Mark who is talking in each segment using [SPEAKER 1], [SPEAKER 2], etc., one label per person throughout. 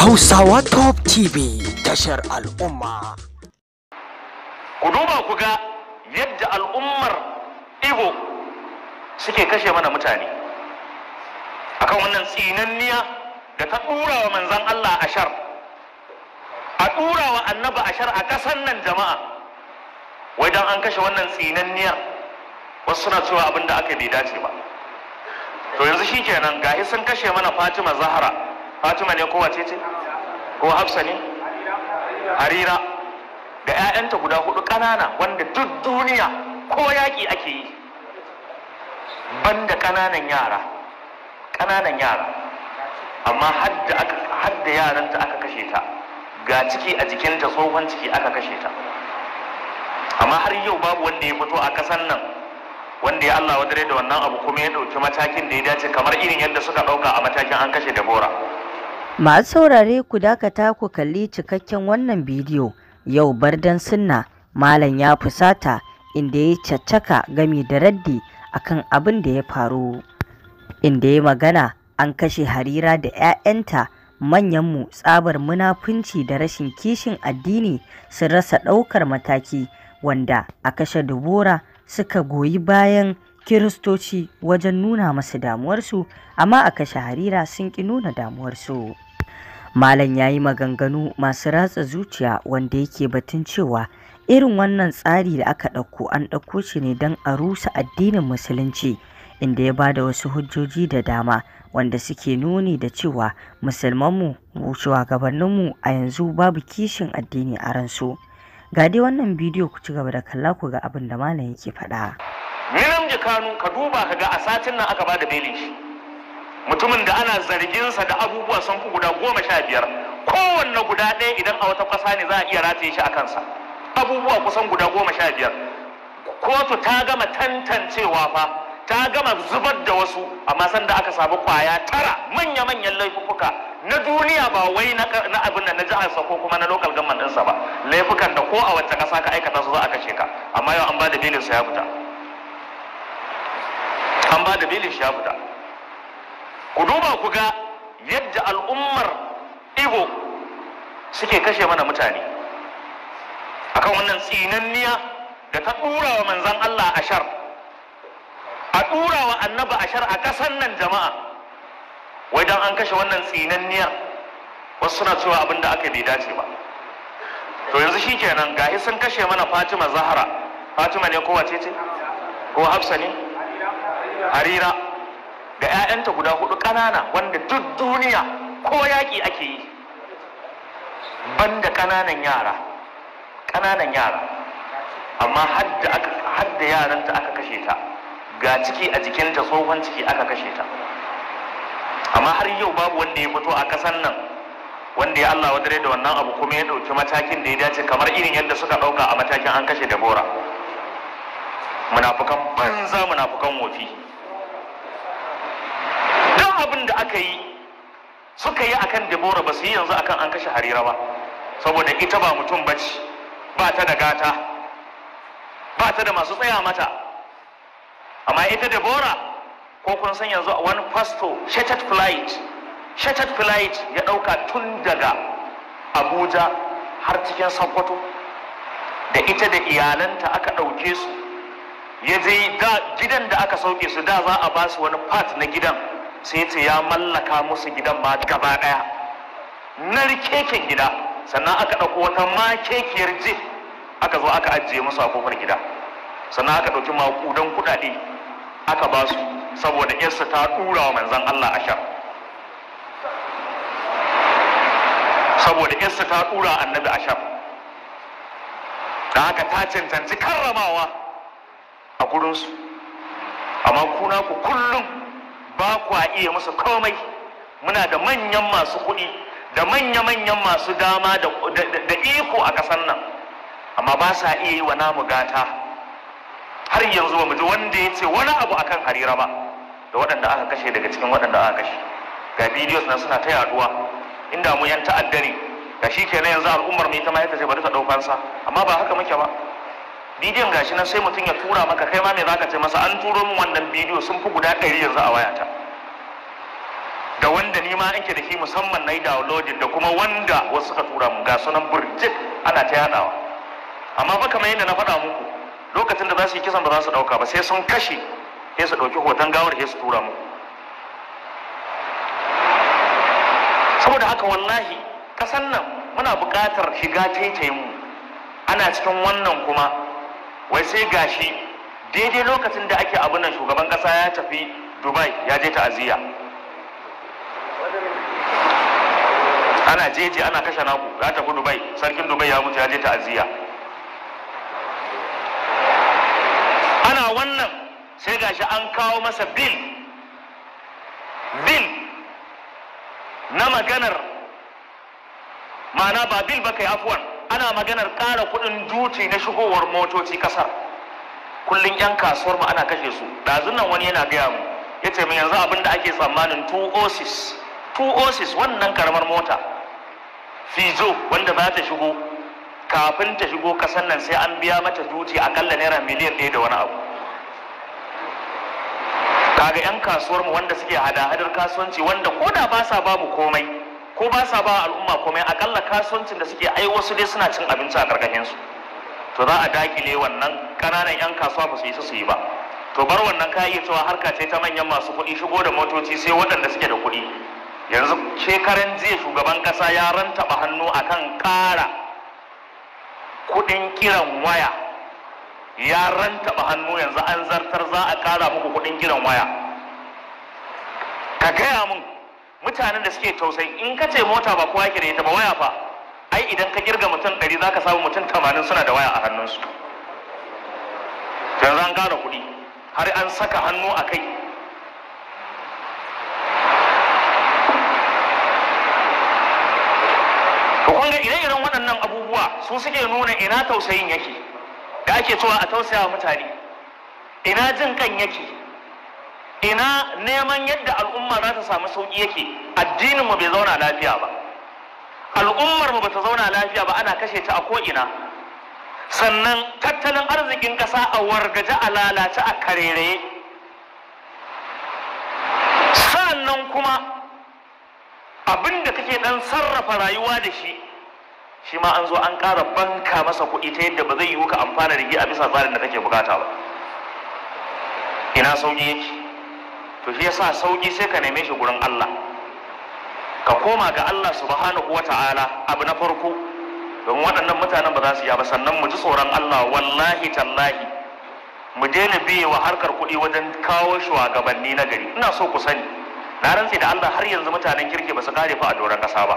[SPEAKER 1] Hausawa Top TV tashar al'umma. Ku duba ku ga yadda al'ummar Igbo suke kashe mana mutane. Akan wannan tsinanniya da ta ɗura wa manzan Allah ashar. A ɗura wa annaba ashar a ƙasan nan jama'a. Wai don an kashe wannan tsinanniyar wasu suna cewa abin da aka bai dace ba. To yanzu shi kenan gahi sun kashe mana Fatima Zahra. fatima ne ko wace ce ko hafsa ne harira da ƴaƴanta guda hudu ƙanana wanda duk duniya ko yaƙi ake yi banda ƙananan yara ƙananan yara amma hadda yaranta aka kashe ta ga ciki a jikinta tsohon ciki aka kashe ta amma har yau babu wanda ya fito a ƙasan nan wanda ya Allah wadare da wannan abu kuma ya ɗauki matakin da ya dace kamar irin yadda suka ɗauka a matakin an kashe dabora
[SPEAKER 2] Masu saurare ku dakata ku kalli cikakken wannan bidiyo yau bardan sunna malam ya fusata inda ya caccaka gami da raddi akan abin da ya faru. Inda ya magana an kashe harira da 'ya'yanta manyanmu tsabar munafunci da rashin kishin addini sun rasa ɗaukar mataki wanda a kashe dubura suka goyi bayan kiristoci wajen nuna masu damuwarsu amma a kashe harira sun ƙi nuna damuwarsu. Malam ya yi maganganu masu ratsa zuciya wanda yake batun cewa irin wannan tsari da aka ɗauko an ɗauko shi ne don a rusa addinin musulunci inda ya bada wasu hujjoji da dama wanda suke nuni da cewa musulmanmu shugabanninmu a yanzu babu kishin addini a ransu ga dai wannan bidiyo ku ci gaba da kalla ku ga abin da malam yake faɗa.
[SPEAKER 1] Minam ka duba ka ga a satin nan aka bada belin shi. mutumin da ana zarginsa da abubuwa sun fi guda goma sha biyar kowanne guda ɗaya idan a wata ƙasa ne za a iya rataye shi a kansa abubuwa kusan guda goma sha biyar kotu ta gama tantancewa fa ta gama zubar da wasu amma sanda aka samu kwaya tara manya-manyan laifuka na duniya ba wai na abin da na jiharsa ko kuma na lokal gamman ɗinsa ba laifukan da ko a wacce ƙasa ka aikata su za a kashe ka amma yau an ba da bilin sa ya fita an ba da bilin ya fita ku duba ku ga yadda al'ummar Igbo suke kashe mana mutane kan wannan tsinanniya da ta ɗura wa manzan Allah ashar a ɗura wa annaba ashar a ƙasar nan jama'a wai don an kashe wannan tsinanniyar wasu suna cewa abinda da aka bai dace ba to yanzu shi kenan gahi sun kashe mana fatima zahara fatima ne kowace ce ko hafsa ne harira ga 'ya'yanta guda hudu ƙanana wanda duk duniya ko yaƙi ake yi da ƙananan yara ƙananan yara amma hadda yaranta aka kashe ta ga ciki a jikinta tsohon ciki aka kashe ta amma har yau babu wanda ya fito a ƙasan nan wanda ya Allah wadare da wannan abu kuma ya ɗauki matakin da ya dace kamar irin yadda suka ɗauka a matakin an kashe dabora. munafukan banza munafukan wofi duk abin da aka yi suka yi akan debora ba su yi yanzu akan an kashe harira ba saboda ita ba mutum bace ba ta da gata ba ta da masu tsaya mata amma ita debora ko kun san yanzu a wani fasto shattered flight shattered flight ya ɗauka tun daga abuja har cikin sokoto da ita da iyalanta aka ɗauke su ya je gidan da aka sauke su da za a ba su wani part na gidan sai ce ya mallaka musu gidan ma gaba daya na rikekin gida sannan aka ɗauko wata makekiyar ji aka zo aka ajiye musu a kofar gida sannan aka ɗauki maƙudan kuɗaɗe aka ba su saboda yarsa ta ɗura wa manzan Allah ashar saboda yarsa ta ɗura annabi ashar da haka ta cancanci karramawa a gurinsu amma kuna ku kullum ba kwa iya musu komai muna da manyan masu kuɗi da manya-manyan masu dama da iko a ƙasar nan amma ba sa iya yi wa namu gata har yanzu ba mu ji wanda ya ce wani abu akan harira ba da waɗanda aka kashe daga cikin waɗanda aka kashe ga bidiyos na suna ta yaduwa inda mu yan ta'addari ga shi kenan yanzu al'ummar mai ta ta ce, bari ta ɗaukansa amma ba haka muke ba bidiyon gashi nan sai mutum ya tura maka kai ma me zaka ce masa an turo min wannan bidiyo sun fi guda ɗari yanzu a wayata da wanda ni ma ke da shi musamman na yi downloading da kuma wanda wasu suka tura mu ga sunan burjik ana ta yaɗawa amma fa kamar yadda na faɗa muku lokacin da za su yi kisan ba za su ɗauka ba sai sun kashe sai su ɗauki hoton gawar sai su tura mu. saboda haka wallahi kasan nan muna buƙatar shiga taitayin mu ana cikin wannan kuma wai sai gashi daidai lokacin da ake abin nan shugaban kasa ya tafi dubai ya je ta'aziyya ana jeje ana kashe naku ya tafi dubai sarkin dubai ya mutu ya je ta'aziyya ana wannan sai gashi an kawo masa bil bil na maganar ma'ana ba bil ba kai afuwan ana maganar ƙara kuɗin duti na shigowar motoci ƙasar kullum 'yan kasuwar mu ana kashe su ɗazun nan wani yana gaya mu ya ce yanzu abin da ake tsammanin two osis two osis wannan karamar mota fizo wanda ba ta shigo kafin ta shigo ƙasar nan sai an biya mata duti akalla naira miliyan ɗaya da wani abu kaga 'yan kasuwar mu wanda suke hada-hadar kasuwanci wanda ko da ba sa bamu komai ko ba sa ba al'umma komai akalla kasuwancin da suke ai wasu dai suna cin abinci a karkashin su to za a dakile wannan ƙananan yan kasuwa ba su yi su su yi ba to bar wannan ka iya cewa harka ce ta manyan masu kuɗi shigo da motoci sai waɗanda suke da kuɗi yanzu shekaran jiya shugaban ƙasa ya rantaba hannu akan ƙara kuɗin kiran waya ya rantaba hannu yanzu an zartar za a ƙara muku kuɗin kiran waya ka gaya mun mutanen da suke tausayi in ka ce mota ba kowa ke da ita ba waya fa ai idan ka kirga mutum ɗari za ka samu mutum tamanin suna da waya a hannunsu yanzu an gane kuɗi har an saka hannu a kai to kun ga ire-iren waɗannan abubuwa su suke nuna ina tausayin yake da ake cewa a tausaya mutane ina jin kan yake ina neman yadda al'umma za ta samu sauki yake addinin mu bai zauna lafiya ba al'ummar mu bata zauna lafiya ba ana kashe ta a ko'ina. sannan tattalin arzikin ƙasa a wargaje a lalace a kareraye sannan kuma abin da kake ɗan sarrafa rayuwa da shi shi ma an zo an ƙara banka masa kuɗi ta yadda ba zai yiwu ka amfana da a bisa tsarin da kake bukata ba ina sauƙi yake to shi yasa sauki sai ka neme shi gurin Allah ka koma ga Allah subhanahu Ta'ala, abu na farko don waɗannan mutanen ba za su ya ba sannan mu ji tsoron Allah wallahi tallahi mu daina biye wa harkar kuɗi wajen kawo shugabanni na gari ina so ku sani na rantse da Allah har yanzu mutanen kirki ba su kare fa a doron ƙasa ba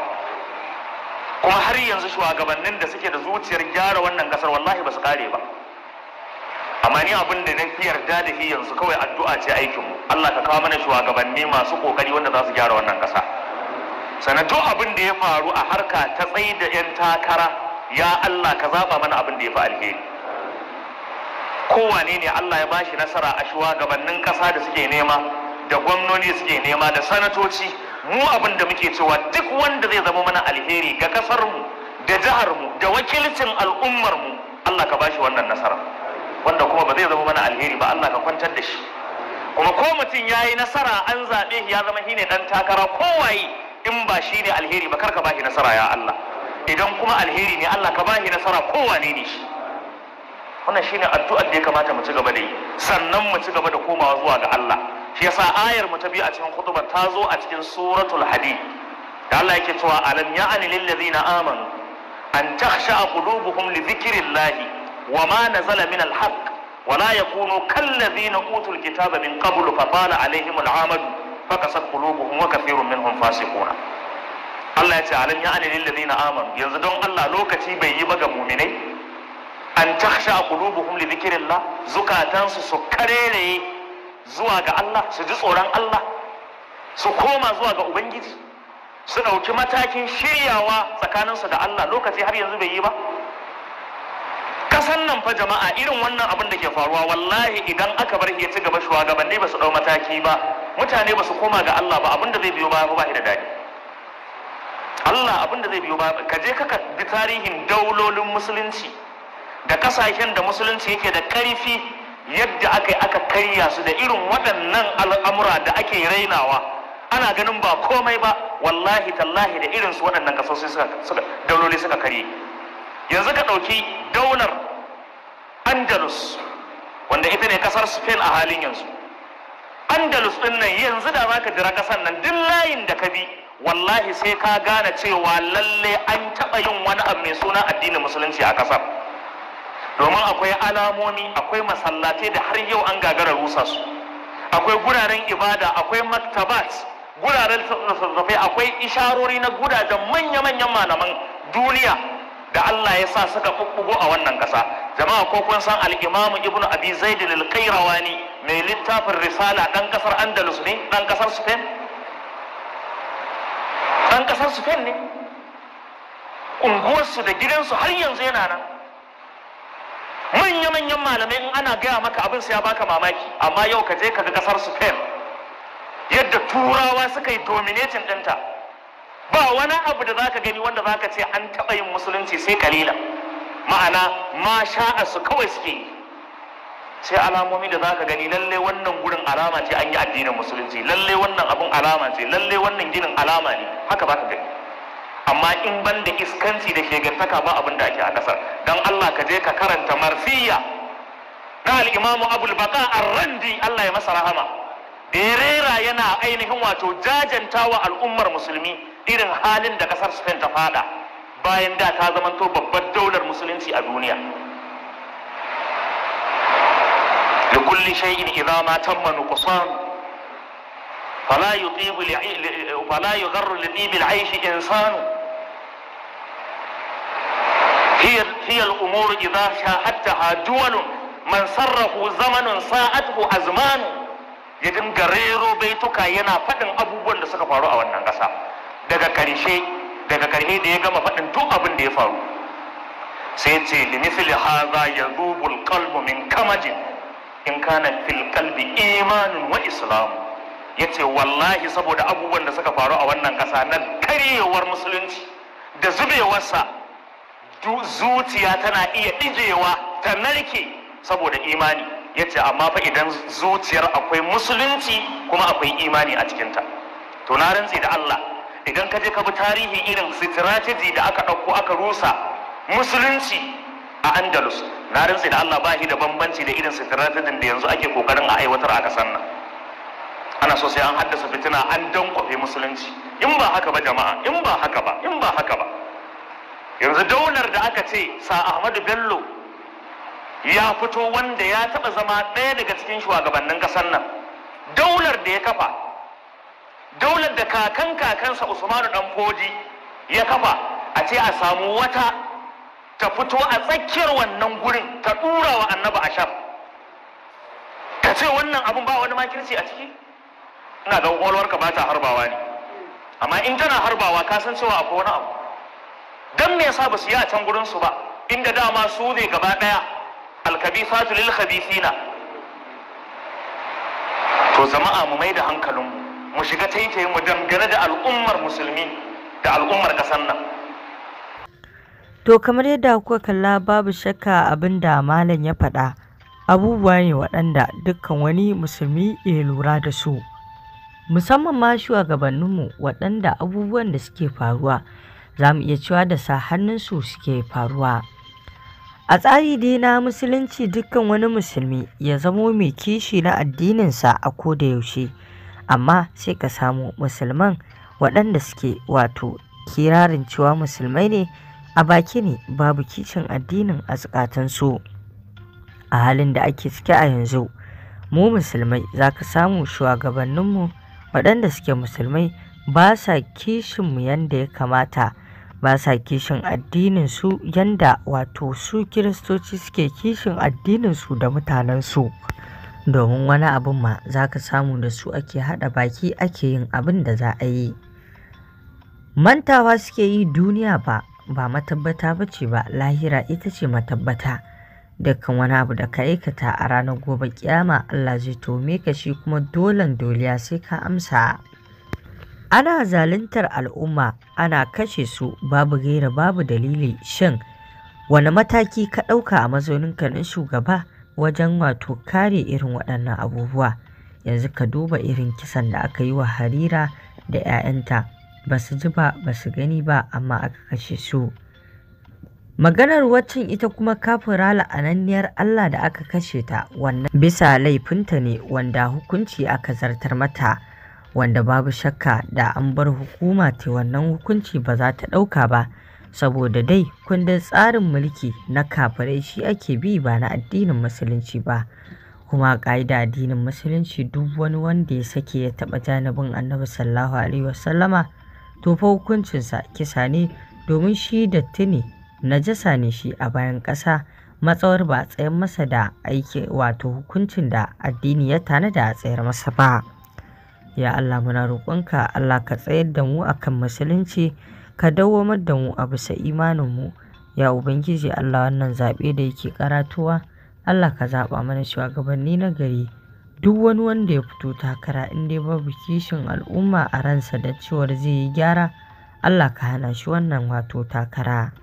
[SPEAKER 1] kuma har yanzu shugabannin da suke da zuciyar gyara wannan ƙasar wallahi ba su kare ba amma ni abin da na yarda da shi yanzu kawai addu'a ce aikin mu Allah ka kawo mana shugabanni masu kokari wanda za su gyara wannan kasa sanato abin da ya faru a harka ta tsayi da yan takara ya Allah ka zaba mana abin da ya fi alheri kowane ne Allah ya bashi nasara a shugabannin kasa da suke nema da gwamnoni suke nema da sanatoci mu abin da muke cewa duk wanda zai zama mana alheri ga kasar mu da jihar mu da wakilcin al'ummar mu Allah ka bashi wannan nasara wanda kuma ba zai zama mana alheri ba Allah ka kwantar da shi kuma ko mutum ya yi nasara an zaɓe shi ya zama shi ne ɗan takara kowaye in ba shi ne alheri ba karka ba shi nasara ya Allah idan kuma alheri ne Allah ka ba shi nasara kowane ne shi wannan ne addu'ar da ya kamata mu ci gaba da yi sannan mu ci gaba da komawa zuwa ga Allah shi yasa ayar mu ta biyu a cikin khutba ta zo a cikin suratul hadi da Allah yake cewa alam ya'ani lil ladzina amanu an takhsha qulubuhum li dhikrillahi wa ma nazala min al-haq wa la yakunu kallazina utul kitaba min qablu fa tala alaihim al-amad fa qasat qulubuhum wa kathirun minhum fasiquna Allah ya ce alam ya ani lil ladina yanzu don Allah lokaci bai yi ba ga mu'minai an takhsha qulubuhum li dhikrillah zukatansu su karere zuwa ga Allah su ji tsoron Allah su koma zuwa ga ubangiji su ɗauki matakin shiryawa tsakaninsu da Allah lokaci har yanzu bai yi ba kasan nan fa jama'a irin wannan abin da ke faruwa wallahi idan aka bar ya ci gaba shugabanni ba su dau mataki ba mutane ba su koma ga Allah ba abin da zai biyo baya ba da dadi Allah abin da zai biyo baya ka je kaka bi tarihin daulolin musulunci da kasashen da musulunci yake da karfi yadda aka yi aka karya su da irin waɗannan al'amura da ake rainawa ana ganin ba komai ba wallahi tallahi da irin su waɗannan ƙasashe suka dauloli suka karye yanzu ka ɗauki daular andalus wanda ita ne kasar spain a halin yanzu andalus din nan yanzu da za ka jira ƙasar nan duk layin da ka bi wallahi sai ka gane cewa lalle an taɓa yin wani abu mai suna addinin musulunci a kasar domin akwai alamomi akwai masallatai da har yau an gagara rusa su akwai guraren ibada akwai maktabat guraren tsofaffi akwai isharori na gudajen manya-manyan malaman duniya da Allah ya sa suka fuffugo a wannan ƙasa jama'a ko kun san al-imamu ibnu abi zaid al-qayrawani mai littafin risala dan kasar andalus ne dan kasar spain dan kasar spain ne unguwarsu da gidansu har yanzu yana nan manya-manyan malamai in ana gaya maka abin sai ya baka mamaki amma yau ka je ka ga kasar spain yadda turawa suka yi dominating ɗinta ba wani abu da zaka gani wanda zaka ce an taɓa yin musulunci sai kalila ma'ana ma sha'asu kawai suke yi sai alamomi da zaka gani lalle wannan gurin alama ce an yi addinin musulunci lalle wannan abun alama ce lalle wannan ginin alama ne haka baka gani amma in ban da iskanci da shegantaka ba abin da ake a kasar dan Allah ka je ka karanta marsiya na al-Imam Abul Baqa Ar-Randi Allah ya masa rahama da ya rera yana ainihin wato jajantawa al'ummar musulmi irin halin da kasar Spain ta fada bayan da ta zamanto babbar musulunci a duniya li kulli shay'in idza ma tamma nuqsan fala yutibu li fala yugharru li tibi al-aish insanu hiya hiya al-umur idza shahattaha duwalun man sarrahu zamanun sa'atuhu ya dinga rero baituka yana faɗin abubuwan da suka faru a wannan ƙasa daga ƙarshe daga ƙarshe da ya gama faɗin duk abin da ya faru sai ce limithli ya yadhubu alqalbu min kamajin in kana fil qalbi imanun wa islam yace wallahi saboda abubuwan da suka faru a wannan kasa na karyewar musulunci da zubewarsa zuciya tana iya ɗijewa ta narke saboda imani yace amma fa idan zuciyar akwai musulunci kuma akwai imani a cikinta to na rantse da Allah idan ka je ka bi tarihi irin strategy da aka ɗauko aka rusa musulunci a andalus na rintsi da allah ba shi da bambanci da irin sitiratidin da yanzu ake kokarin a aiwatar a kasar nan ana so sai an haddasa fitina an dankwafe musulunci in ba haka ba jama'a in ba haka ba in ba haka ba yanzu daular da aka ce sa ahmadu bello ya fito wanda ya taɓa zama ɗaya daga cikin shugabannin ƙasar nan daular da ya kafa daular da kakan kakansa usmanu ɗan foji ya kafa a ce a samu wata ta fito a tsakiyar wannan gurin ta ɗura wa annabi a sham ka ce wannan abin ba wani makirci a ciki ina ga ka ba ta harbawa ne amma in tana harbawa ka san cewa akwai wani abu dan me yasa ba su yi a can gurin su ba inda dama su ne gaba ɗaya alkabisatu lil khabithina to jama'a mu mai da hankalinmu mu shiga taitayin mu dangane da al'ummar musulmi da al'ummar ƙasar nan
[SPEAKER 2] To kamar yadda kuka kalla babu shakka abinda malam ya faɗa abubuwa ne waɗanda dukkan wani musulmi ya lura da su. Musamman ma shugabanninmu waɗanda abubuwan da suke faruwa za mu iya cewa da sa hannunsu suke faruwa. A tsari dai na musulunci dukkan wani musulmi ya zamo mai kishi na addininsa a ko da yaushe, amma sai ka samu musulman waɗanda suke wato kirarin cewa musulmai ne a baki ne babu kicin addinin a zukatansu a halin da ake ciki a yanzu mu musulmai za ka samu shugabanninmu waɗanda suke musulmai ba sa kishinmu yadda ya kamata ba sa kishin addininsu yadda wato su kiristoci suke kishin addininsu da mutanensu domin wani abin ma za ka samu da su ake haɗa baki ake yin abin da za a yi mantawa suke yi duniya ba ba matabbata ba ce ba lahira ita ce matabbata dukkan wani abu da ka aikata a ranar gobe kiyama Allah zai tome ka shi kuma dolan doliya sai ka amsa ana zaluntar al'umma ana kashe su babu gaira babu dalili shin wani mataki ka ɗauka a ka na shugaba wajen wato kare irin waɗannan abubuwa yanzu ka duba irin kisan da aka yi wa harira da 'ya'yanta ba su ji ba ba su gani ba amma aka kashe su maganar waccan ita kuma kafira la'ananniyar Allah da aka kashe ta wannan bisa laifinta ne wanda hukunci aka zartar mata wanda babu shakka da an bar hukuma ta wannan hukunci ba za ta ɗauka ba saboda dai kundin tsarin mulki na kafirai shi ake bi ba na addinin musulunci ba kuma ƙa'ida addinin musulunci duk wani wanda ya sake ya taɓa janibin annabi sallallahu alaihi wasallama Tofa hukuncinsa kisa ne domin shi datti ne najasa ne shi a bayan ƙasa matsawar ba a tsayar masa da aiki wato hukuncin da addini ya da a tsayar masa ba ya Allah muna roƙonka Allah ka tsayar da mu akan musulunci ka dawwamar da mu a bisa imaninmu ya ubangiji Allah wannan zaɓe da yake karatuwa Allah ka zaɓa mana shugabanni na gari duk wani wanda ya fito takara in dai babu kishin al'umma a ransa da cewar zai yi gyara, Allah ka hana shi wannan wato takara.